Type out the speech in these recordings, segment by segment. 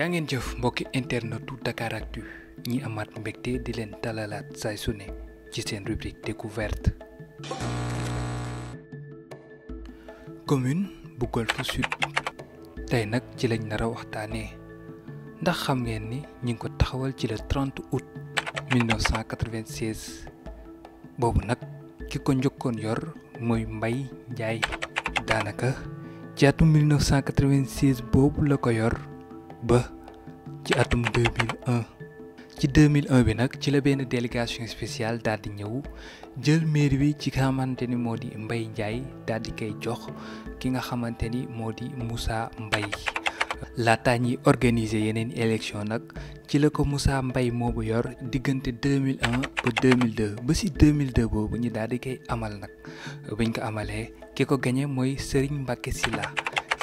yaa ngeen jëf mbokki internetu Dakaractu ñi amaat mbégte di leen talalaat say su ne ci seen rubrique découverte commune bu Golf Sud tey nag ci lañ nara a waxtaanee ndax xam ngeen ni ñi ngi ko taxawal ci le 30 août 1996 boobu nag ki ko njëkkoon yor mooy mbay Ndiaye daanaka ci atum boobu la ko yor ba ci atum 2001 ci un bi nag ci la benn délégation spéciale daal di ñëw jël mairie bi ci nga xamante ni moo di mbay Ndiaye daal di koy jox ki nga xamante ni moo di Moussa mbay laataa ñuy organiser yeneen élection nag ci la ko Moussa mbay moomu yor diggante 2001 ba 2002 ba si 2002 boobu ñu daal di koy amal nag biñ ko amalee ki ko gañe mooy Serigne Mbacké Sylla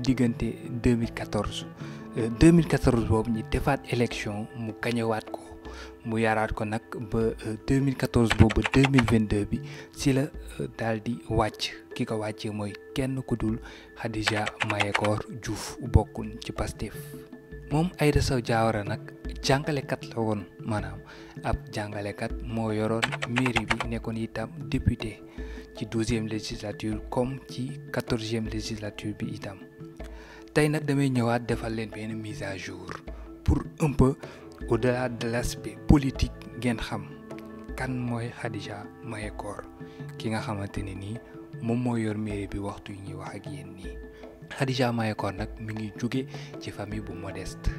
diggante 2014 2014 euh, boobu ñi defaat élection mu gañewaat ko mu yaraat ko nag ba 2014 euh, boobu ba 2022 bi ci la euh, daal di wàcc ki ko wàccee mooy kenn ku dul Khadija Mayakor Diouf bokkun ci Pastef moom Aïda Sow Diawara nag jàngalekat la woon maanaam ab jàngalekat moo yoroon mairie bi nekkoon itam député ci douzième législature comme ci quatorzième législature bi itam tay nak damay ñëwaat defal leen benn mise à jour pour un peu au-delà de l'aspect politique ngeen xam kan mooy Khadija koor ki nga xamante ni nii moom moo yor mairie bi waxtu yi ñuy wax ak yéen nii maye koor nag mi ngi jóge ci famille bu modeste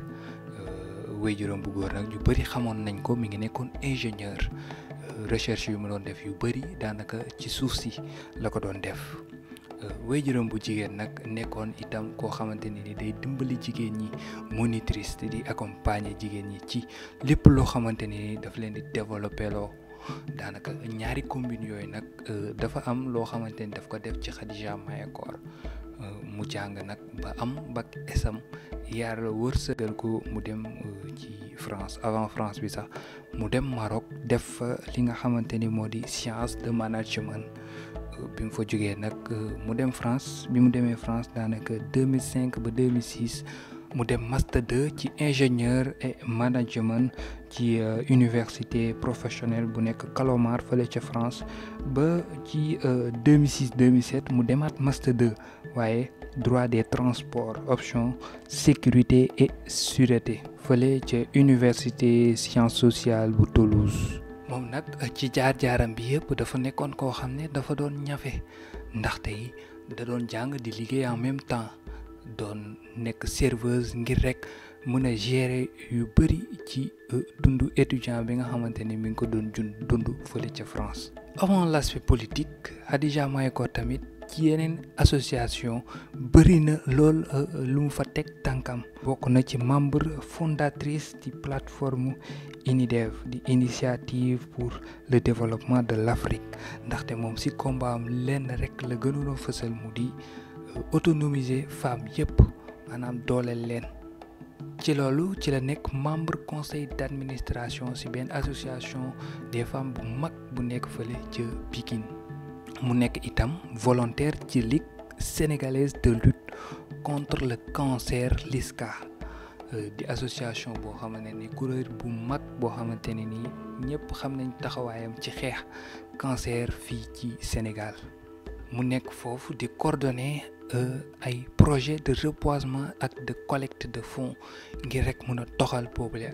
euh, waajuram bu góor nag ñu bëri xamoon nañ ko mi ngi nekkoon ingénieur euh, recherche yu mu doon def yu bëri daanaka ci suuf si la ko doon def wéyjuram bu jigéen nag nekkoon itam koo xamante ne ni day dimbali jigéen ñi monitrice te di accompagner jigéen ñi ci lépp loo xamante ne ni daf leen di développé loo daanaka ñaari combine yooyu nag euh, dafa am loo xamante ni daf ko def ci Khadija Mayakor mu jàng nak ba am bak esam yar la gal ko mudem dem eh, ci France avant France bi sax mu Maroc def li nga xamanteni ni science de management eh, bi mu fa joge nak eh, mu France bi mu demé France danaka 2005 ba 2006 mu dem master 2 ci ingénieur et management ci euh, université professionnelle bu nekk Calomar fële ca France ba ci 2006 euh, 2007 mu demaat master 2 waaye droit des transports option sécurité et sûreté fële ca université sciences sociales bu Toulouse. moom nag ci jaar-jaaram bi yëpp dafa nekkoon koo xam ne dafa doon ñafe ndaxte yi da doon jàng di liggéey en même temps doon nekk serveuse ngir rek mën a gérer yu bëri ci euh, dundu étudiant bi nga xamante ni mi ngi ko doon jun dund fële ca France. avant l' aspect politique may ko tamit ci yeneen association bëri na lool euh, lu mu fa teg tànkam. bokk na ci membre fondatrice di plateforme INIDEV di initiative pour le développement de l' Afrique ndaxte moom si combat am lenn rek la gënoon a fësal mu di autonomiser femmes yep manam dolel len ci lolou ci la nek membre conseil d'administration ci l'association association des femmes bu mag bu nek fële ci Pikine mu itam volontaire ci ligue sénégalaise de lutte contre le cancer LISCA euh, di association bo xamante ni kuréel bu mag bo xamante ni xam ci cancer fi ci Sénégal mu nek fofu di coordonner euh, ay projet de reboisement ak de collecte de fonds ngir rek mën a toxal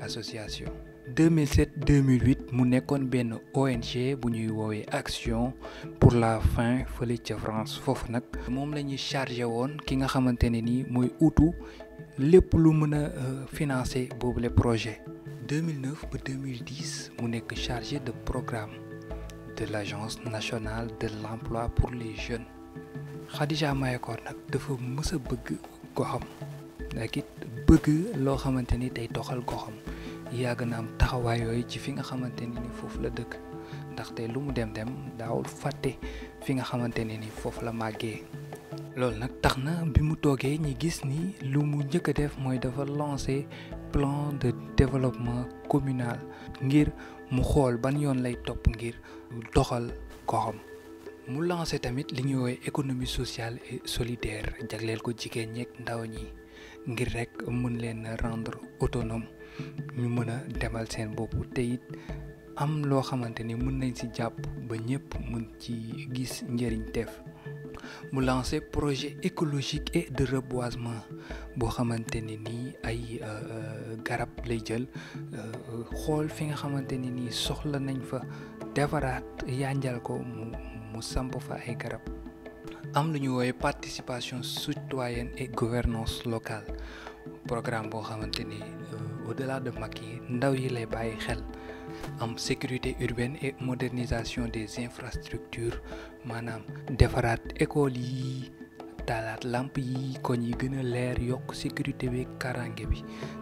association 2007 2008 mu nekkoon une ONG bu ñuy action pour la Fin de la France foofu nag moom la ñuy chargé woon ki nga xamante ne nii mooy utu lépp lu euh, financer projet 2009 ba 2010 mu nekk chargé de programme de l'agence nationale de l'emploi pour les jeunes Khadija Mayakor nag dafa mës a bëgg goxam nag it bëgg loo xamante ni tey doxal ko goxam yàgg na am taxawaay yooyu ci fi nga xamante ni ni foofu la dëkk ndaxte lu mu dem dem daaw fàtte fi nga xamante ne ni foofu la màggee loolu nag tax na bi mu toogee ñi gis ni lu mu njëkk a def mooy dafa lancer plan de développement communal ngir mu xool ban yoon lay topp ngir doxal goxam mu lancé tamit li ñuy woy économie sociale et solidaire jagleel ko jigéen ñek ndaw ñi ngir rek mën leen rendre autonome ñu mëna démal seen bop am lo xamanteni mën nañ si japp ba ñepp mën ci gis njëriñ teef mu lancé projet écologique et de reboisement bo xamanteni ni ay euh, euh, garab lay jël euh, xol fi nga xamanteni ni soxla nañ fa défarat yañjal ko mu mu samp Karab. ay am lu ñu woowee participation citoyenne et gouvernance locale programme boo xamante euh, au-delà de mag yi ndaw yi lay xel am sécurité urbaine et modernisation des infrastructures maanaam defaraat école Talat lamp yi koñ yi gëna a leer yokk sécurité bi karangé bi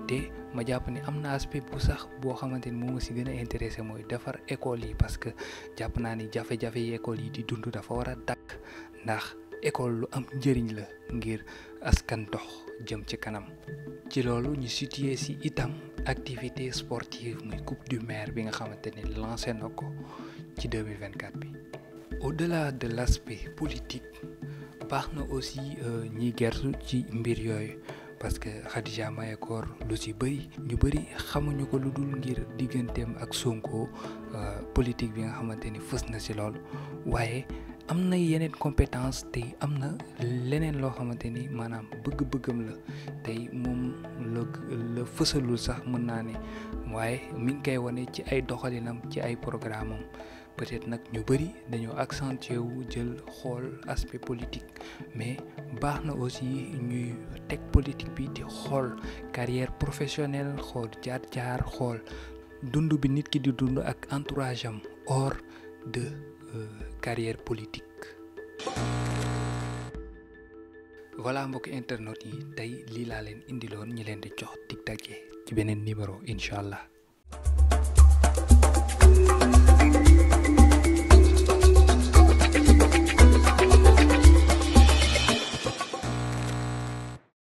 té ma japp ne amna aspect bu sax bo xamante mo moom si intéressé moy défar école yi parce que japp na ni jafe-jafe école yi di dundu dafa wara a ndax école lu am njëriñ la ngir askan dox jëm ci kanam ci lolu ñu situé ci itam activité sportive muy coupe du maire bi nga xamante ni lancé nako ci 2024 bi au delà de l'aspect politique baax na aussi euh, ñiy gertu ci mbir yooyu parce que Khadija Mayakor lu ci bëri ñu bëri xamuñu ko lu dul ngir digganteem ak Sonko euh, politique bi nga xamante ni fës na si lool waaye am na yeneen compétence te am na leneen loo xamante ni maanaam bëgg-bëggam la tey moom la la fësalul sax mën naa ne waaye mi ngi koy wane ci ay doxalinam ci ay programme peut-être nag ñu bëri dañoo accentuer wu jël xool aspect politique mais baax na aussi ñuy teg politique bi di xool carrière professionnelle xool jaar-jaar xool dund bi nit ki di dund ak entourage am hors de euh, carrière politique. voilà mbokk internet yi tey lii laa leen indiloon ñi leen di jox dig daje ci beneen numéro incha allah.